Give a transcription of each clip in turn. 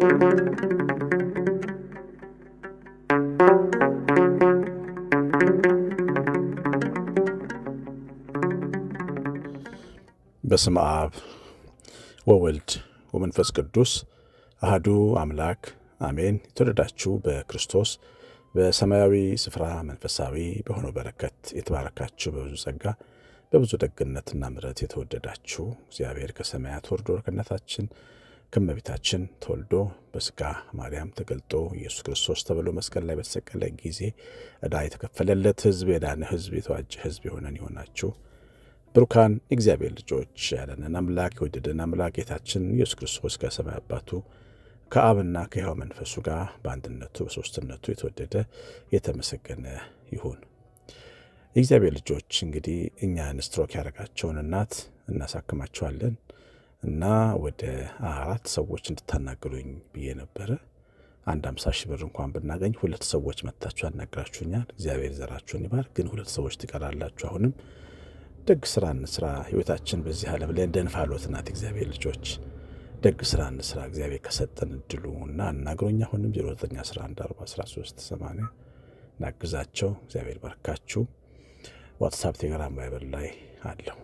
በስም አብ ወወልድ ወመንፈስ ቅዱስ አህዱ አምላክ አሜን። የተወደዳችሁ በክርስቶስ በሰማያዊ ስፍራ መንፈሳዊ በሆነው በረከት የተባረካችሁ በብዙ ጸጋ በብዙ ደግነትና ምረት የተወደዳችሁ እግዚአብሔር ከሰማያት ወርዶ ወርቅነታችን ክመቤታችን ተወልዶ በስጋ ማርያም ተገልጦ ኢየሱስ ክርስቶስ ተብሎ መስቀል ላይ በተሰቀለ ጊዜ ዕዳ የተከፈለለት ሕዝብ የዳነ ሕዝብ የተዋጀ ሕዝብ የሆነን የሆናችሁ ብሩካን እግዚአብሔር ልጆች ያለንን አምላክ የወደደን አምላክ ጌታችን ኢየሱስ ክርስቶስ ከሰማይ አባቱ ከአብና ከሕያው መንፈሱ ጋር በአንድነቱ በሶስትነቱ የተወደደ የተመሰገነ ይሁን። የእግዚአብሔር ልጆች እንግዲህ እኛን ስትሮክ ያደረጋቸውን እናት እናሳክማቸዋለን። እና ወደ አራት ሰዎች እንድታናግሩኝ ብዬ ነበረ። አንድ አምሳ ሺህ ብር እንኳን ብናገኝ ሁለት ሰዎች መታቸው ያናግራችሁኛል። እግዚአብሔር ዘራችሁን ይባርክ። ግን ሁለት ሰዎች ትቀራላችሁ። አሁንም ደግ ስራ እንስራ። ህይወታችን በዚህ ዓለም ላይ እንደ እንፋሎት ናት። እግዚአብሔር ልጆች ደግ ስራ እንስራ። እግዚአብሔር ከሰጠን እድሉ እና አናግሮኝ። አሁንም 09114138 ናግዛቸው። እግዚአብሔር ባርካችሁ። ዋትሳፕ፣ ቴሌግራም፣ ቫይበር ላይ አለው።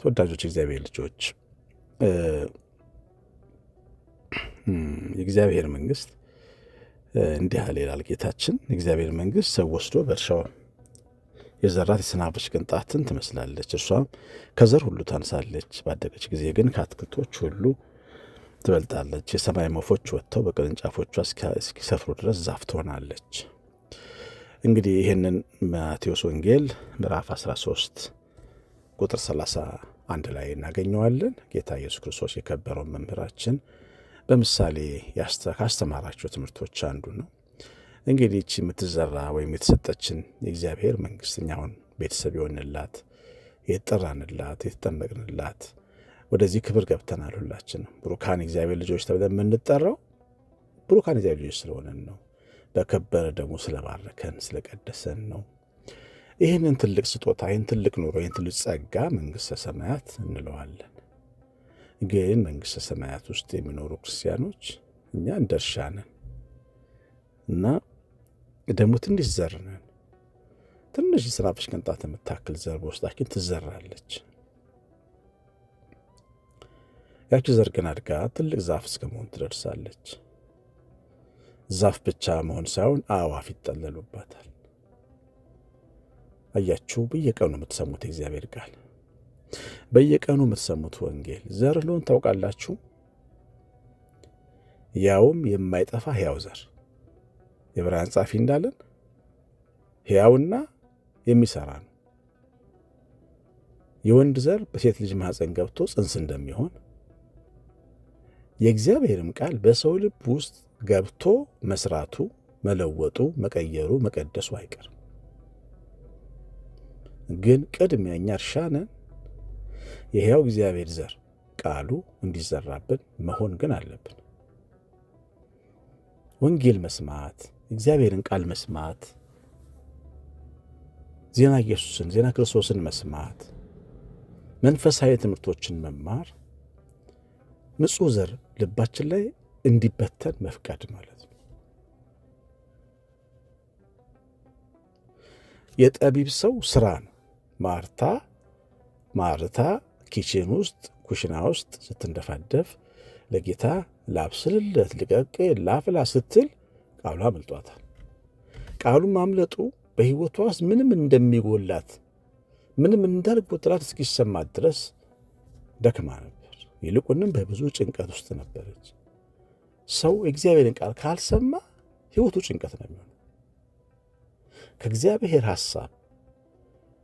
ተወዳጆች እግዚአብሔር ልጆች የእግዚአብሔር መንግስት እንዲህ አለ ይላል ጌታችን። የእግዚአብሔር መንግስት ሰው ወስዶ በእርሻው የዘራት የሰናፍጭ ቅንጣትን ትመስላለች። እርሷም ከዘር ሁሉ ታንሳለች፣ ባደገች ጊዜ ግን ከአትክልቶች ሁሉ ትበልጣለች። የሰማይ ወፎች ወጥተው በቅርንጫፎቿ እስኪሰፍሩ ድረስ ዛፍ ትሆናለች። እንግዲህ ይህንን ማቴዎስ ወንጌል ምዕራፍ 13 ቁጥር 30 አንድ ላይ እናገኘዋለን። ጌታ ኢየሱስ ክርስቶስ የከበረው መምህራችን በምሳሌ ካስተማራቸው ትምህርቶች አንዱ ነው። እንግዲህ ይቺ የምትዘራ ወይም የተሰጠችን የእግዚአብሔር መንግስትኛውን ቤተሰብ የሆንላት የተጠራንላት የተጠመቅንላት ወደዚህ ክብር ገብተናል። ሁላችንም ብሩካን እግዚአብሔር ልጆች ተብለን የምንጠራው ብሩካን እግዚአብሔር ልጆች ስለሆነን ነው። በከበረ ደግሞ ስለባረከን ስለቀደሰን ነው። ይህንን ትልቅ ስጦታ፣ ይህን ትልቅ ኑሮ፣ ይህን ትልቅ ጸጋ መንግሥተ ሰማያት እንለዋለን። ግን መንግሥተ ሰማያት ውስጥ የሚኖሩ ክርስቲያኖች እኛ እንደ እርሻ ነን እና ደግሞ ትንሽ ዘር ነን። ትንሽ የሰናፍጭ ቅንጣት የምታክል ዘር በውስጣችን ትዘራለች። ያቺ ዘር ግን አድጋ ትልቅ ዛፍ መሆን ትደርሳለች። ዛፍ ብቻ መሆን ሳይሆን አእዋፍ ይጠለሉባታል። አያችሁ፣ በየቀኑ የምትሰሙት የእግዚአብሔር ቃል፣ በየቀኑ የምትሰሙት ወንጌል ዘር ልሆን ታውቃላችሁ፣ ያውም የማይጠፋ ሕያው ዘር የዕብራውያን ጻፊ እንዳለን ሕያውና የሚሰራ ነው። የወንድ ዘር በሴት ልጅ ማኅፀን ገብቶ ጽንስ እንደሚሆን የእግዚአብሔርም ቃል በሰው ልብ ውስጥ ገብቶ መስራቱ፣ መለወጡ፣ መቀየሩ፣ መቀደሱ አይቀርም። ግን ቅድሚያ እኛ እርሻን የሕያው እግዚአብሔር ዘር ቃሉ እንዲዘራብን መሆን ግን አለብን። ወንጌል መስማት፣ እግዚአብሔርን ቃል መስማት፣ ዜና ኢየሱስን ዜና ክርስቶስን መስማት፣ መንፈሳዊ ትምህርቶችን መማር ንጹሕ ዘር ልባችን ላይ እንዲበተን መፍቀድ ማለት ነው። የጠቢብ ሰው ስራ ነው። ማርታ ማርታ ኪችን ውስጥ ኩሽና ውስጥ ስትንደፋደፍ ለጌታ ላብስልለት ልቀቅ ላፍላ ስትል ቃሉ አምልጧታል። ቃሉ ማምለጡ በሕይወቷ ውስጥ ምንም እንደሚጎላት ምንም እንዳልጎደላት እስኪሰማት ድረስ ደክማ ነበር። ይልቁንም በብዙ ጭንቀት ውስጥ ነበረች። ሰው የእግዚአብሔርን ቃል ካልሰማ ሕይወቱ ጭንቀት ነው የሚሆነው። ከእግዚአብሔር ሐሳብ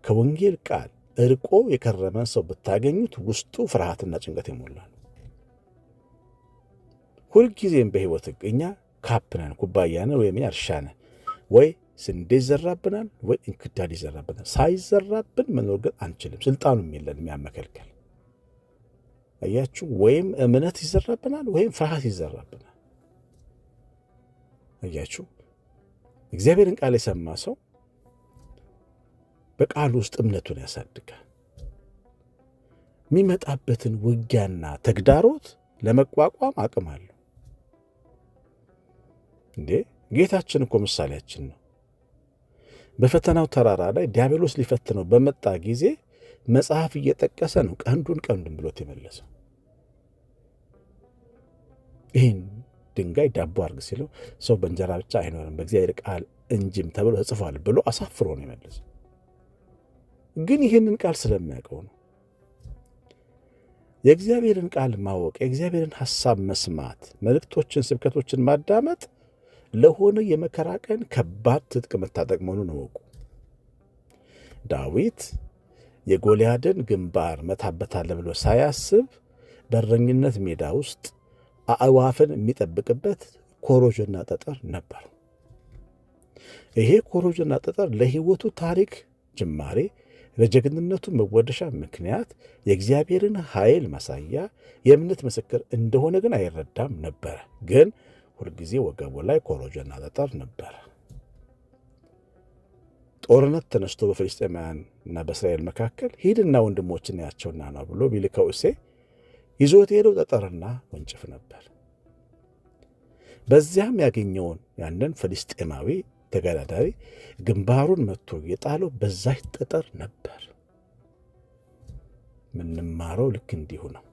ከወንጌል ቃል እርቆ የከረመ ሰው ብታገኙት ውስጡ ፍርሃትና ጭንቀት ይሞላል። ሁልጊዜም በሕይወት እኛ ካፕነን ኩባያነ ወይም እርሻነ ወይ ስንዴ ይዘራብናል ወይ እንክዳድ ይዘራብናል። ሳይዘራብን መኖር ግን አንችልም። ስልጣኑም የለን የሚያመከልከል እያችሁ ወይም እምነት ይዘራብናል ወይም ፍርሃት ይዘራብናል። እያችሁ እግዚአብሔርን ቃል የሰማ ሰው በቃል ውስጥ እምነቱን ያሳድጋል። የሚመጣበትን ውጊያና ተግዳሮት ለመቋቋም አቅም አለው። እንዴ ጌታችን እኮ ምሳሌያችን ነው። በፈተናው ተራራ ላይ ዲያብሎስ ሊፈትነው በመጣ ጊዜ መጽሐፍ እየጠቀሰ ነው ቀንዱን ቀንዱን ብሎት የመለሰው። ይህን ድንጋይ ዳቦ አድርግ ሲለው ሰው በእንጀራ ብቻ አይኖርም በእግዚአብሔር ቃል እንጂም ተብሎ ተጽፏል ብሎ አሳፍሮ ነው የመለሰው። ግን ይህንን ቃል ስለሚያውቀው ነው። የእግዚአብሔርን ቃል ማወቅ፣ የእግዚአብሔርን ሐሳብ መስማት፣ መልእክቶችን፣ ስብከቶችን ማዳመጥ ለሆነ የመከራ ቀን ከባድ ትጥቅ መታጠቅ መሆኑን እወቁ። ዳዊት የጎልያድን ግንባር መታበታለ ብሎ ሳያስብ በረኝነት ሜዳ ውስጥ አዕዋፍን የሚጠብቅበት ኮሮጆና ጠጠር ነበር። ይሄ ኮሮጆና ጠጠር ለሕይወቱ ታሪክ ጅማሬ ለጀግንነቱ መወደሻ ምክንያት የእግዚአብሔርን ኃይል ማሳያ የእምነት ምስክር እንደሆነ ግን አይረዳም ነበረ። ግን ሁልጊዜ ወገቡ ላይ ኮሮጆና ጠጠር ነበረ። ጦርነት ተነስቶ በፍልስጤማውያንና በእስራኤል መካከል ሂድና ወንድሞችን ያቸውና ነው ብሎ ቢልከው እሴ ይዞት ሄደው ጠጠርና ወንጭፍ ነበር። በዚያም ያገኘውን ያንን ፍልስጤማዊ ተገዳዳሪ ግንባሩን መጥቶ የጣለው በዛች ጠጠር ነበር። የምንማረው ልክ እንዲሁ ነው።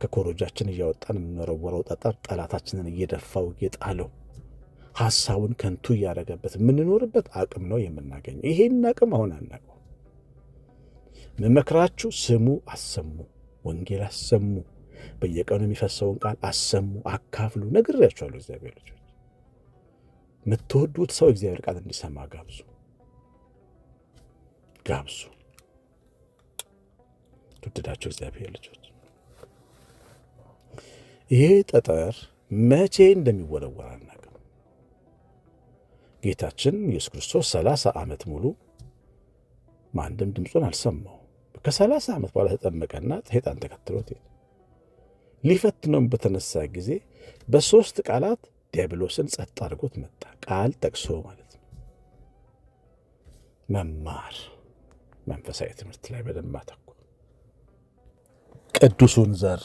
ከኮሮጃችን እያወጣን የምንወረወረው ጠጠር ጠላታችንን እየደፋው የጣለው ሀሳቡን ከንቱ እያደረገበት የምንኖርበት አቅም ነው የምናገኘው። ይሄን አቅም አሁን አናውቀው። መመክራችሁ ስሙ፣ አሰሙ፣ ወንጌል አሰሙ፣ በየቀኑ የሚፈሰውን ቃል አሰሙ፣ አካፍሉ። ነግሬያችኋለሁ እግዚአብሔር ልጆች የምትወዱት ሰው እግዚአብሔር ቃል እንዲሰማ ጋብዙ ጋብዙ። ትወደዳቸው እግዚአብሔር ልጆች ይሄ ጠጠር መቼ እንደሚወረወር አናውቅም። ጌታችን ኢየሱስ ክርስቶስ ሰላሳ ዓመት ሙሉ ማንም ድምፁን አልሰማው። ከሰላሳ ዓመት በኋላ ተጠመቀና ሄጣን ተከትሎት ሊፈትነውም በተነሳ ጊዜ በሶስት ቃላት ዲያብሎስን ጸጥ አድርጎት መጣ። ቃል ጠቅሶ ማለት ነው። መማር መንፈሳዊ ትምህርት ላይ በደንብ አተኩር። ቅዱሱን ዘር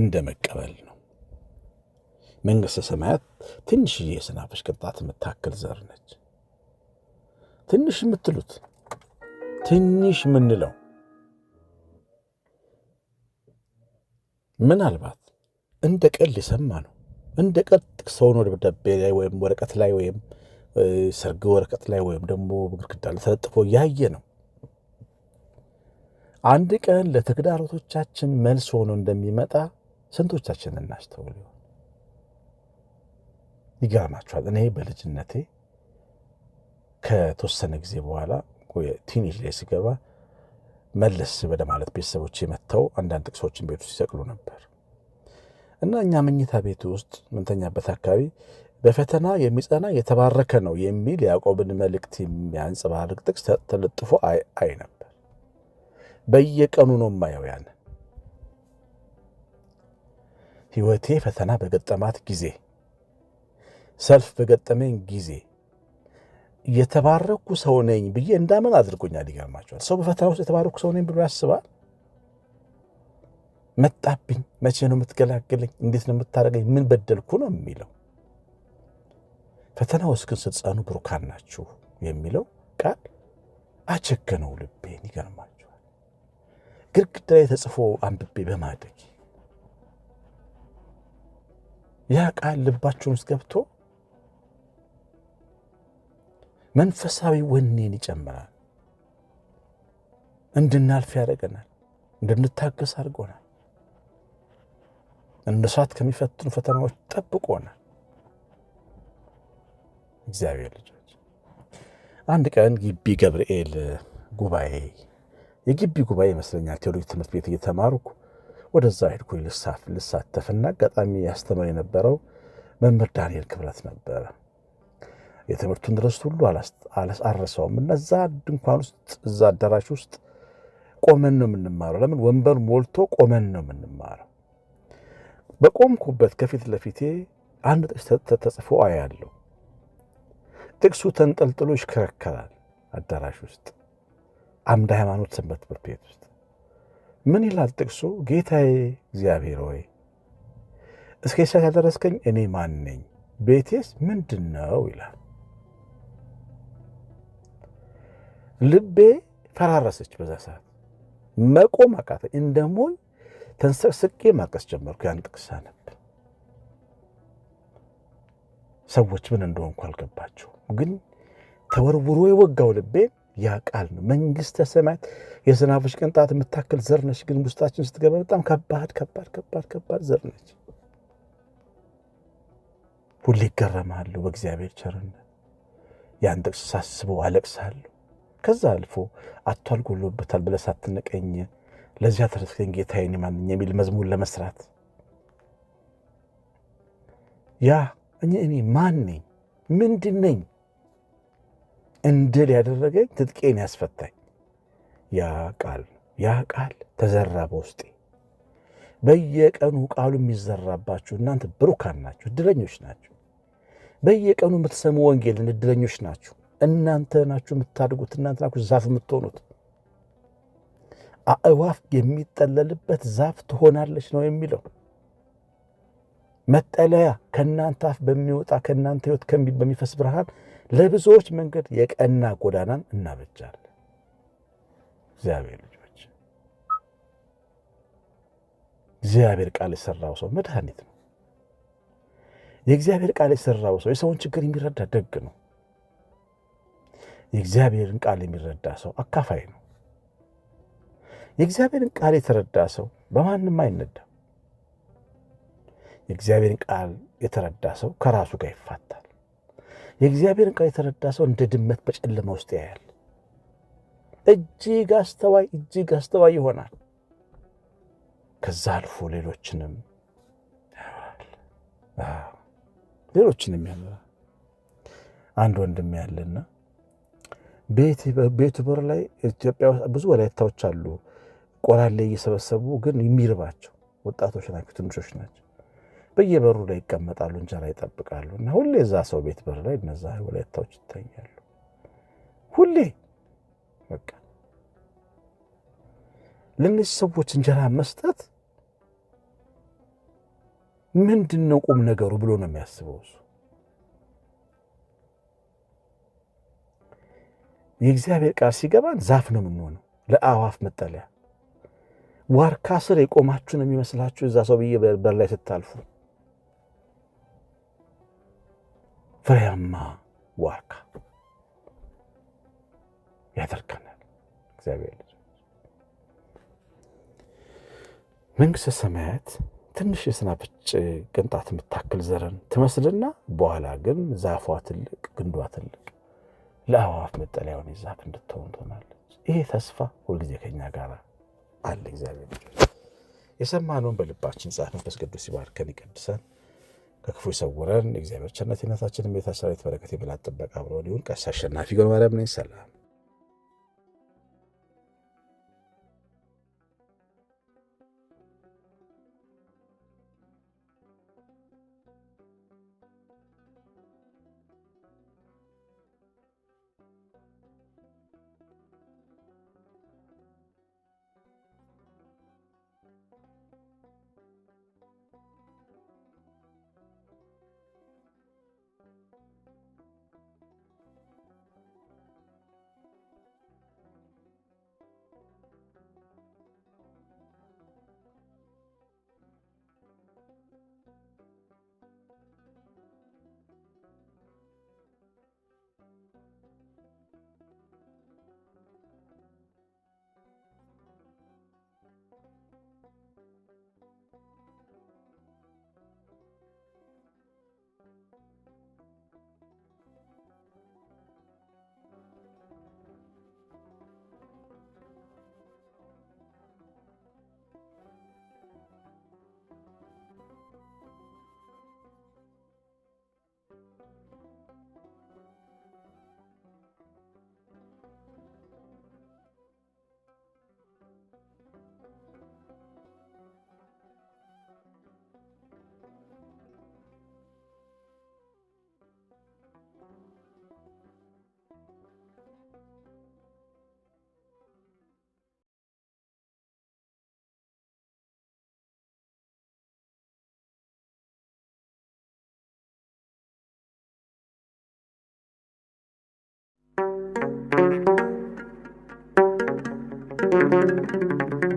እንደ መቀበል ነው። መንግሥተ ሰማያት ትንሽዬ የሰናፍጭ ቅንጣት የምታክል ዘር ነች። ትንሽ የምትሉት ትንሽ የምንለው ምናልባት እንደ ቀል የሰማ ነው እንደ ቀጥቅ ሰውን ወደ ደብዳቤ ላይ ወይም ወረቀት ላይ ወይም ሰርግ ወረቀት ላይ ወይም ደግሞ ግድግዳ ላይ ተለጥፎ ያየ ነው። አንድ ቀን ለተግዳሮቶቻችን መልስ ሆኖ እንደሚመጣ ስንቶቻችን እናስተውል ይሆን? ይገርማችኋል። እኔ በልጅነቴ ከተወሰነ ጊዜ በኋላ ቲኔጅ ላይ ስገባ መለስ ወደ ማለት ቤተሰቦች የመጥተው አንዳንድ ጥቅሶችን ቤቱ ሲሰቅሉ ይሰቅሉ ነበር። እና እኛ መኝታ ቤት ውስጥ ምንተኛበት አካባቢ በፈተና የሚጸና የተባረከ ነው የሚል ያዕቆብን መልእክት የሚያንጸባርቅ ጥቅስ ተለጥፎ አይ ነበር። በየቀኑ ነው ማየው። ያን ህይወቴ ፈተና በገጠማት ጊዜ፣ ሰልፍ በገጠመኝ ጊዜ የተባረኩ ሰው ነኝ ብዬ እንዳምን አድርጎኛል። ይገርማቸዋል። ሰው በፈተና ውስጥ የተባረኩ ሰው ነኝ ብሎ ያስባል። መጣብኝ፣ መቼ ነው የምትገላግለኝ? እንዴት ነው የምታደርገኝ? ምን በደልኩ ነው የሚለው። ፈተና ውስጥ ግን ስትጸኑ ብሩካን ናችሁ የሚለው ቃል አቸገነው ልቤን። ይገርማችኋል፣ ግድግዳ ላይ ተጽፎ አንብቤ በማደግ ያ ቃል ልባችሁን ውስጥ ገብቶ መንፈሳዊ ወኔን ይጨምራል። እንድናልፍ ያደርገናል። እንድንታገስ አድርጎናል። እንደ እሳት ከሚፈትኑ ፈተናዎች ጠብቆናል። እግዚአብሔር ልጆች፣ አንድ ቀን ግቢ ገብርኤል ጉባኤ የግቢ ጉባኤ ይመስለኛል ቴዎሎጂ ትምህርት ቤት እየተማርኩ ወደዛ ሄድኩኝ ልሳፍ ልሳተፍና አጋጣሚ ያስተምር የነበረው መምህር ዳንኤል ክብረት ነበረ። የትምህርቱን ድረስ ሁሉ አላስአረሰውም። እነዛ ድንኳን ውስጥ እዛ አዳራሽ ውስጥ ቆመን ነው የምንማረው። ለምን ወንበር ሞልቶ ቆመን ነው የምንማረው። በቆምኩበት ከፊት ለፊቴ አንድ ጥቅስ ተጽፎ አያለሁ። ጥቅሱ ተንጠልጥሎ ይሽከረከራል። አዳራሽ ውስጥ አምደ ሃይማኖት ሰንበት ትምህርት ቤት ውስጥ ምን ይላል ጥቅሱ? ጌታዬ እግዚአብሔር ሆይ እስከ ሰዓት ያደረስከኝ እኔ ማን ነኝ? ቤቴስ ምንድን ነው ይላል። ልቤ ፈራረሰች። በዛ ሰዓት መቆም አቃተኝ እንደሞኝ ተንሰቅስቄ ማቀስ ጀመርኩ። ያን ጥቅስ አነብ። ሰዎች ምን እንደሆንኩ አልገባቸው፣ ግን ተወርውሮ የወጋው ልቤ ያ ቃል ነው። መንግሥተ ሰማያት የዝናቦች ቅንጣት የምታክል ዘር ነች፣ ግን ውስጣችን ስትገባ በጣም ከባድ ከባድ ከባድ ከባድ ዘር ነች። ሁሌ ይገረማሉ በእግዚአብሔር ቸርነት። ያን ጥቅስ ሳስበው አለቅሳለሁ። ከዛ አልፎ አቷል ጎሎበታል ብለህ ሳትነቀኝ ለዚያ ተረስከኝ ጌታዬን ማንኛ የሚል መዝሙር ለመስራት ያ እኔ ማን ነኝ ምንድን ነኝ እንድል ያደረገኝ ትጥቄን ያስፈታኝ ያ ቃል ያ ቃል ተዘራ በውስጤ። በየቀኑ ቃሉ የሚዘራባችሁ እናንተ ብሩካን ናችሁ፣ እድለኞች ናችሁ። በየቀኑ የምትሰሙ ወንጌልን እድለኞች ናችሁ። እናንተ ናችሁ የምታድጉት፣ እናንተ ናችሁ ዛፍ የምትሆኑት። አእዋፍ የሚጠለልበት ዛፍ ትሆናለች ነው የሚለው። መጠለያ ከእናንተ አፍ በሚወጣ ከእናንተ ሕይወት በሚፈስ ብርሃን ለብዙዎች መንገድ የቀና ጎዳናን እናበጃለን። እግዚአብሔር ልጆች፣ እግዚአብሔር ቃል የሰራው ሰው መድኃኒት ነው። የእግዚአብሔር ቃል የሰራው ሰው የሰውን ችግር የሚረዳ ደግ ነው። የእግዚአብሔርን ቃል የሚረዳ ሰው አካፋይ ነው። የእግዚአብሔርን ቃል የተረዳ ሰው በማንም አይነዳም። የእግዚአብሔርን ቃል የተረዳ ሰው ከራሱ ጋር ይፋታል። የእግዚአብሔርን ቃል የተረዳ ሰው እንደ ድመት በጨለማ ውስጥ ያያል። እጅግ አስተዋይ እጅግ አስተዋይ ይሆናል። ከዛ አልፎ ሌሎችንም ሌሎችንም ያኖራል። አንድ ወንድም ያለና ቤቱ በር ላይ ኢትዮጵያ ብዙ ወላይታዎች አሉ ቆላል ላይ እየሰበሰቡ ግን የሚርባቸው ወጣቶች ናቸው፣ ትንሾች ናቸው። በየበሩ ላይ ይቀመጣሉ፣ እንጀራ ይጠብቃሉ። እና ሁሌ እዛ ሰው ቤት በር ላይ እነዛ ወላይታዎች ይታያሉ። ሁሌ በቃ ለእነዚህ ሰዎች እንጀራ መስጠት ምንድን ነው ቁም ነገሩ ብሎ ነው የሚያስበው እሱ። የእግዚአብሔር ቃል ሲገባን ዛፍ ነው የምንሆነው፣ ለአእዋፍ መጠለያ ዋርካ ስር የቆማችሁ ነው የሚመስላችሁ እዛ ሰው ብዬ በር ላይ ስታልፉ። ፍሬያማ ዋርካ ያደርገናል እግዚአብሔር። መንግሥተ ሰማያት ትንሽ የሰናፍጭ ቅንጣት የምታክል ዘርን ትመስልና በኋላ ግን ዛፏ ትልቅ፣ ግንዷ ትልቅ ለአዕዋፍ መጠለያውን የዛፍ እንድትሆን ትሆናለች። ይሄ ተስፋ ሁልጊዜ ከኛ ጋር አለ። እግዚአብሔር ልጆች የሰማነውን በልባችን ጻፍ። መንፈስ ቅዱስ ይባርከን፣ ይቀድሰን፣ ከክፉ ይሰውረን። እግዚአብሔር ቸርነትና ምሕረቱ የቤታችን በረከት የመላእክት ጥበቃ አብሮን ይሁን። ቀሲስ አሸናፊ ገብረማርያም ነኝ። ሰላም Thank you.